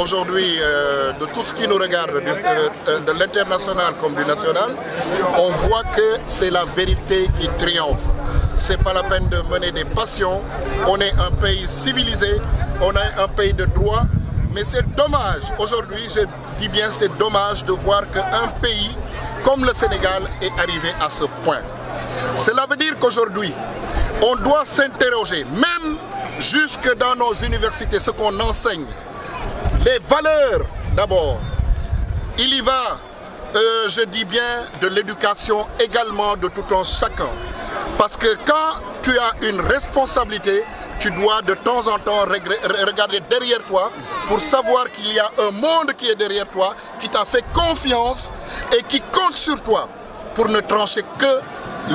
aujourd'hui euh, de tout ce qui nous regarde, euh, euh, de, l'international comme du national, on voit que c'est la vérité qui triomphe. Ce n'est pas la peine de mener des passions. On est un pays civilisé, on est un pays de droit, mais c'est dommage, aujourd'hui, je dis bien c'est dommage de voir qu'un pays comme le Sénégal est arrivé à ce point. Cela veut dire qu'aujourd'hui, on doit s'interroger, même jusque dans nos universités, ce qu'on enseigne, les valeurs, d'abord. Il y va, euh, je dis bien, de l'éducation également de tout un chacun. Parce que quand tu as une responsabilité, tu dois de temps en temps regarder derrière toi pour savoir qu'il y a un monde qui est derrière toi, qui t'a fait confiance et qui compte sur toi pour ne trancher que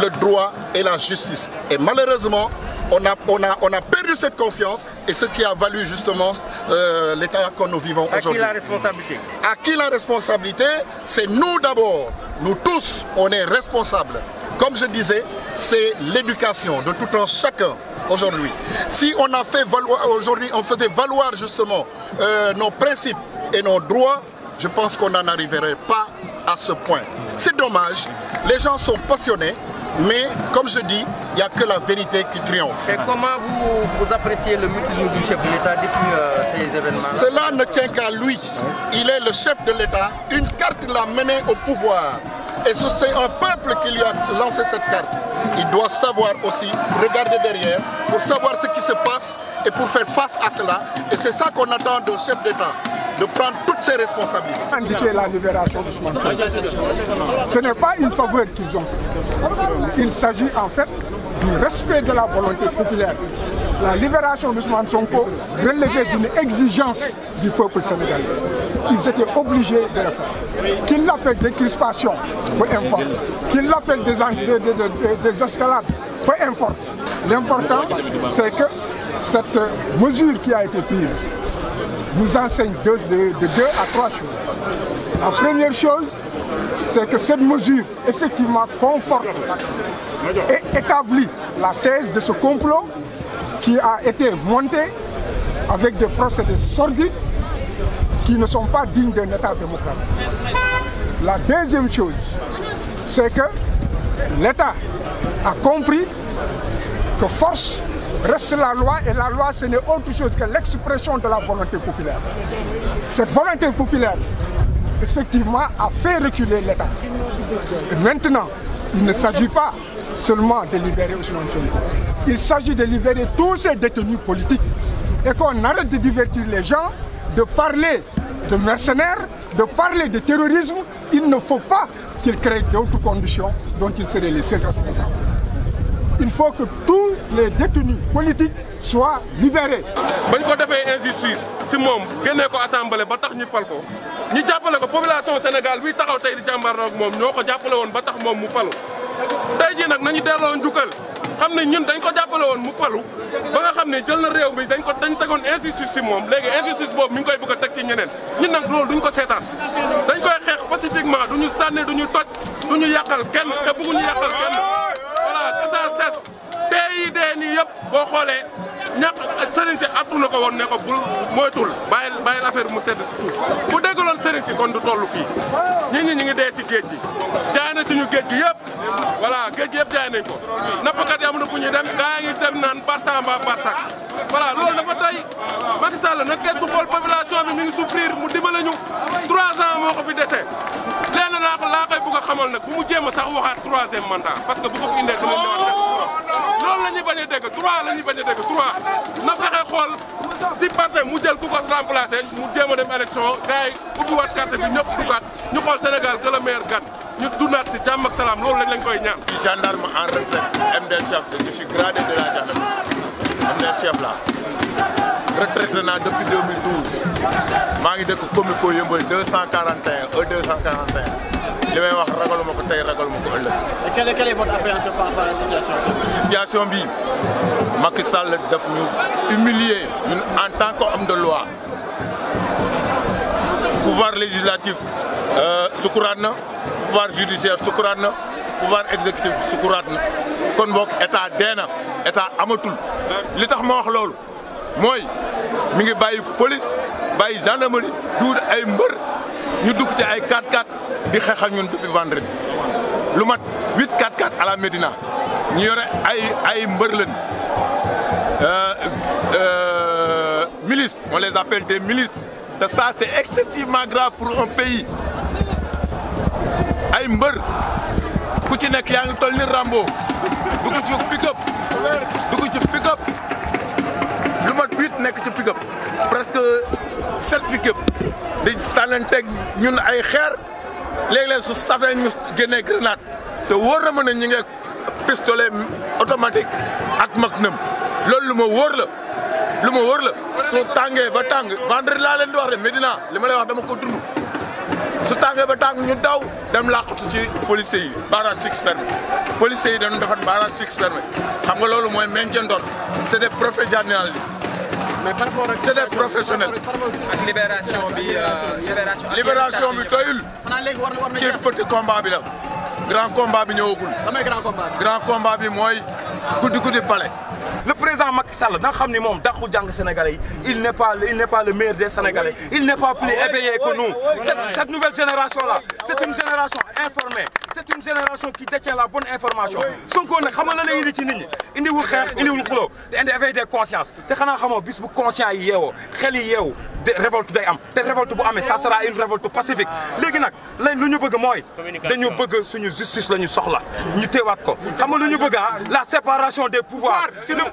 le droit et la justice. Et malheureusement, on a, on, a, on a perdu cette confiance et ce qui a valu justement euh, l'état que nous vivons aujourd'hui. À qui la responsabilité À qui la responsabilité C'est nous d'abord. Nous tous, on est responsables. Comme je disais, c'est l'éducation de tout un chacun aujourd'hui. Si on a fait valoir aujourd'hui, on faisait valoir justement euh, nos principes et nos droits, je pense qu'on n'en arriverait pas à ce point. C'est dommage, les gens sont passionnés, mais comme je dis, il n'y a que la vérité qui triomphe. Et comment vous, appréciez le mutisme du chef de l'État depuis euh, ces événements Cela ne tient qu'à lui. Il est le chef de l'État. Une carte l'a mené au pouvoir. Et c'est un peuple qui lui a lancé cette carte. Il doit savoir aussi regarder derrière pour savoir ce qui se passe et pour faire face à cela. Et c'est ça qu'on attend d'un chef d'État, de prendre toutes ses responsabilités. Indiquer la libération Ce n'est pas une faveur qu'ils ont. Il s'agit en fait respect de la volonté populaire. La libération d'Ousmane Sonko relevait d'une exigence du peuple sénégalais. Ils étaient obligés de le faire. Qu'il fait des crispations, peu importe. Qu'il l'a des, des, escalades, peu importe. L'important, c'est que cette mesure qui a été prise nous enseigne de, de deux à trois choses. La première chose, c'est que cette mesure, effectivement, conforte et établit la thèse de ce complot qui a été monté avec des procédés sordides qui ne sont pas dignes d'un État démocratique. La deuxième chose, c'est que l'État a compris que force reste la loi et la loi ce n'est autre chose que l'expression de la volonté populaire. Cette volonté populaire, effectivement, a fait reculer l'État. Et Maintenant, il ne s'agit pas seulement de libérer Ousmane Sonko. Il s'agit de libérer tous ces détenus politiques et qu'on arrête de divertir les gens, de parler de mercenaires, de parler de terrorisme. Il ne faut pas qu'ils créent d'autres conditions dont ils seraient les seuls responsables. Il faut que tous les détenus politiques soient libérés. Quand ko a injustice si moom on ko assemblée ba tax ñu fal ko ñu ko population Sénégal bi taxaw tey di jàmbaar ak moom tey jii nag nañu delloo njukkal xam ne ñun dañ ko jàppale woon mu falu ba nga xam ne jël na réew mi dañ ko dañ tegoon injustice si moom léegi injustice boobu mi ngi koy bëgg a teg ci ñeneen ñun nag loolu duñ ko seetaan dañ koy xeex pacifiquement duñu sànni duñu toj duñu yàqal kenn te bëgguñu yàqal kenn voilà que ça cesse tey yi dee nii yëpp boo xoolee ñàkk sëriñ si attu na ko woon ne ko bul moytul bàyyi bàyyi affaire mu sedd si suuf bu déggaloon sëriñ si kon du toll fii ñi ñi ñu si géej gi na suñu géej gi yëpp voilà géej gi yëpp jaay nañ ko nappkat yi amuñu fu ñuy dem gaa ngi dem barsak voilà loolu dafa tey Macky Sall nag xool population bi mi ngi souffrir mu dimbale ñu trois ko fi dese lenn naa ko laa koy bugg a xamal nag bu mu jéem a sax waxaat troisième mandat parce que bu ko fi indee dama ñëwaat loolu la ñuy bañ a dégg trois la ñuy bañ a mu jël ku ko remplacé mu jéem a dem élection gars yi ñu xool Sénégal ñu dundaat si jàmm ak salaam le lañ koy ñaan. je suis gendarme en retraite MDR chef je suis gradé de la gendarmerie MDR chef la retraité naa depuis maa ngi dëkk commune ko Yëmbël 241 E 241 li may wax ragaluma ko tey ragaluma ko ëllëg. et quelle quelle est votre situation bi Macky Sall daf ñu humilier ñun en tant qu'homme de loi pouvoir législatif euh, sukuraat pouvoir judiciaire sukuraat pouvoir exécutif sukuraat kon bok état dee na état amatul li tax mo wax lolou moy mi ngi police baye gendarmerie dou ay mbeur ñu dugg ci ay 4-4 di xeexal ñun depuis vendredi lu mat 8-4-4 à la Médina ñu yore ay ay euh euh milice on les appelle des milices ça c'est excessivement grave pour un pays ay mbër ku ci nekk yaa ngi toll ni Rambo dugg ci pick-up dugg ci pick lu mat huit nekk ci pick-up presque sept pick di sànnanteeg ñun ay xeer léeg-léeg su safee ñu génnee grenade te wóor na ma ne ñu ngi pistolet automatique ak magnum loolu lu ma wóor la lu ma wóor la su tàngee ba tàng vendredi laa leen di wax rek Medina li ma lay wax dama ko dund. su tàngee ba tàng ñu daw dem làqatu ci policiers yi barrage fixe fermé policiers yi dañu defar barrage fixe fermé xam nga loolu mooy maintien d'ordre c'est des professionnels mais par rapport ak c'est des professionnels. ak libération bi euh, libération. libération bi doyul. ci petit combat bi la. grand combat bi ñëwagul. damay grand combat bi. grand bi mooy guddi guddi palais. le président Macky Sall na nga xam ni moom daxul sénégalais il n'est pas il n'est pas le meilleur des sénégalais il n'est pas plus ah éveillé que ah nous ah cette, cette nouvelle génération là c'est une génération informée c'est une génération qui détient la bonne information Sonko nag xam nga la est ci nit ñi indiwul xeex indiwul xuloo te indi éveil des consciences te xanaa xamoo bis bu conscient yi yeewoo Quel yi yeewu révolte day am te révolte bu amee ça sera une révolte pacifique léegi nag lañ lu ñu bëgg mooy dañu bëgg suñu justice la ñu soxla ñu teewaat ko xam nga lu ñu bëgg ah la séparation des pouvoirs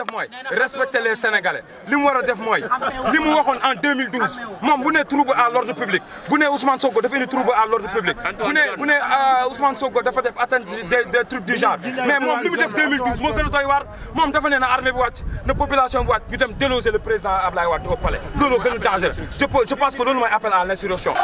a def respecter les sénégalais limu wara def mooy limu waxone en 2012 mom bu né trouble à l'ordre public bu né Ousmane Sonko dafa indi trouble à l'ordre public bu ne bu euh, Ousmane Sonko dafa def atteinte des trucs du genre mais mom limu def 2012 mo gën a doy waar moom dafa né na armée bi wacc na population bi wacc ñu dem déloger le président Ablaye Wade au palais lolu gën a je pense que loolu mooy appel à l'insurrection